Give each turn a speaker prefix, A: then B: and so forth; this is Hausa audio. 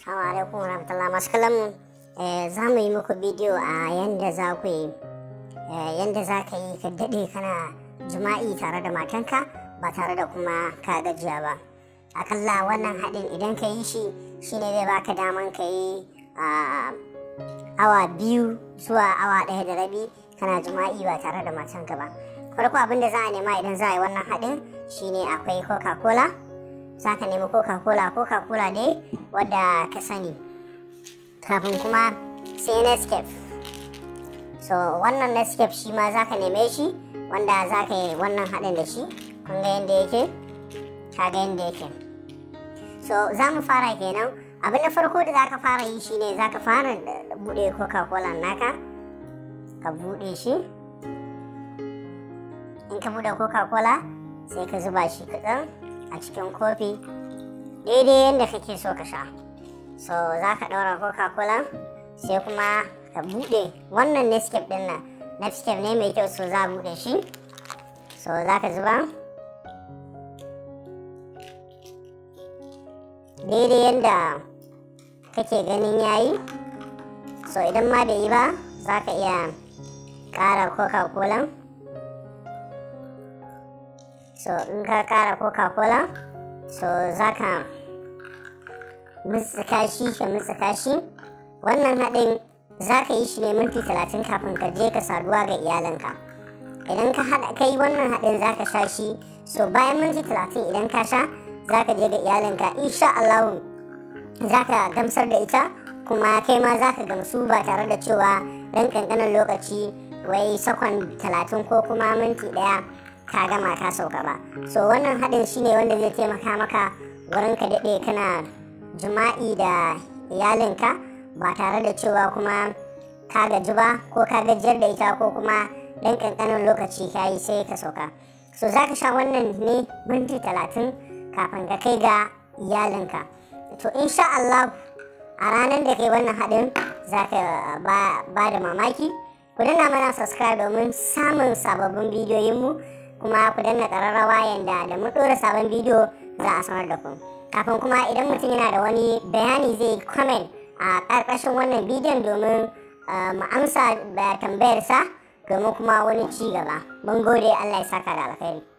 A: Assalamu alaikum warahmatullahi masu eh, za mu yi muku bidiyo a yadda za ku yi eh, yadda za ka yi ka daɗe kana jima'i tare da matanka ba tare da kuma ka gajiya ba akalla wannan haɗin idan ka yi shi shine zai baka daman ka yi awa biyu zuwa awa ɗaya da rabi kana jima'i ba tare da matanka ba farko abin da za a nema idan za a yi wannan haɗin shine akwai coca-cola za ka nemi coca-cola coca-cola dai wadda ka sani kafin kuma sai Netscape. so wannan Netscape shi ma za ka neme shi wanda za ka yi wannan haɗin da shi kun ga yadda yake ka ga yadda yake so za mu fara kenan abin da farko da za ka fara yi ne za ka fara buɗe coca-cola naka ka buɗe shi in ka buɗe coca-cola sai ka zuba shi kaɗan a cikin kofi daidai yadda kake so ka sha so za ka ɗaura coca cola sai kuma ka buɗe wannan nescape ɗin na nescape ne mai kyau so za buɗe shi so za ka zuba daidai yadda kake ganin yayi so idan ma bai yi ba za ka iya ƙara coca cola so in ka kara coca-cola so za ka mutsuka shi ka mutsuka shi wannan haɗin za ka yi shi ne minti talatin kafin ka je ka saduwa ga iyalinka idan ka haɗa kai wannan haɗin za ka sha shi so bayan minti talatin idan ka sha za ka je ga iyalinka insha Allah za ka gamsar da ita kuma kai ma za ka gamsu ba tare da cewa dan ƙanƙanin lokaci wai sakon talatin ko kuma minti ɗaya ka gama ka sauka ba so wannan haɗin shine wanda zai taimaka maka wurin ka daɗe kana jima'i da iyalinka ba tare da cewa kuma ka gaji ba ko ka gajiyar da ita ko kuma ɗan ƙanƙanin lokaci ka yi sai ka sauka so za ka sha wannan ne minti talatin kafin ka kai ga iyalinka to insha Allah a ranar da kai wannan haɗin za ka ba da mamaki ku danna mana subscribe domin samun sababbin bidiyoyinmu kuma ku danna ƙararrawa yanda da mun ɗora sabon bidiyo za a sanar da ku kafin kuma idan mutum yana da wani bayani zai comment a karkashin wannan bidiyon domin mu amsa tambayar sa domin kuma wani ci gaba mun gode allah ya saka da alkhairi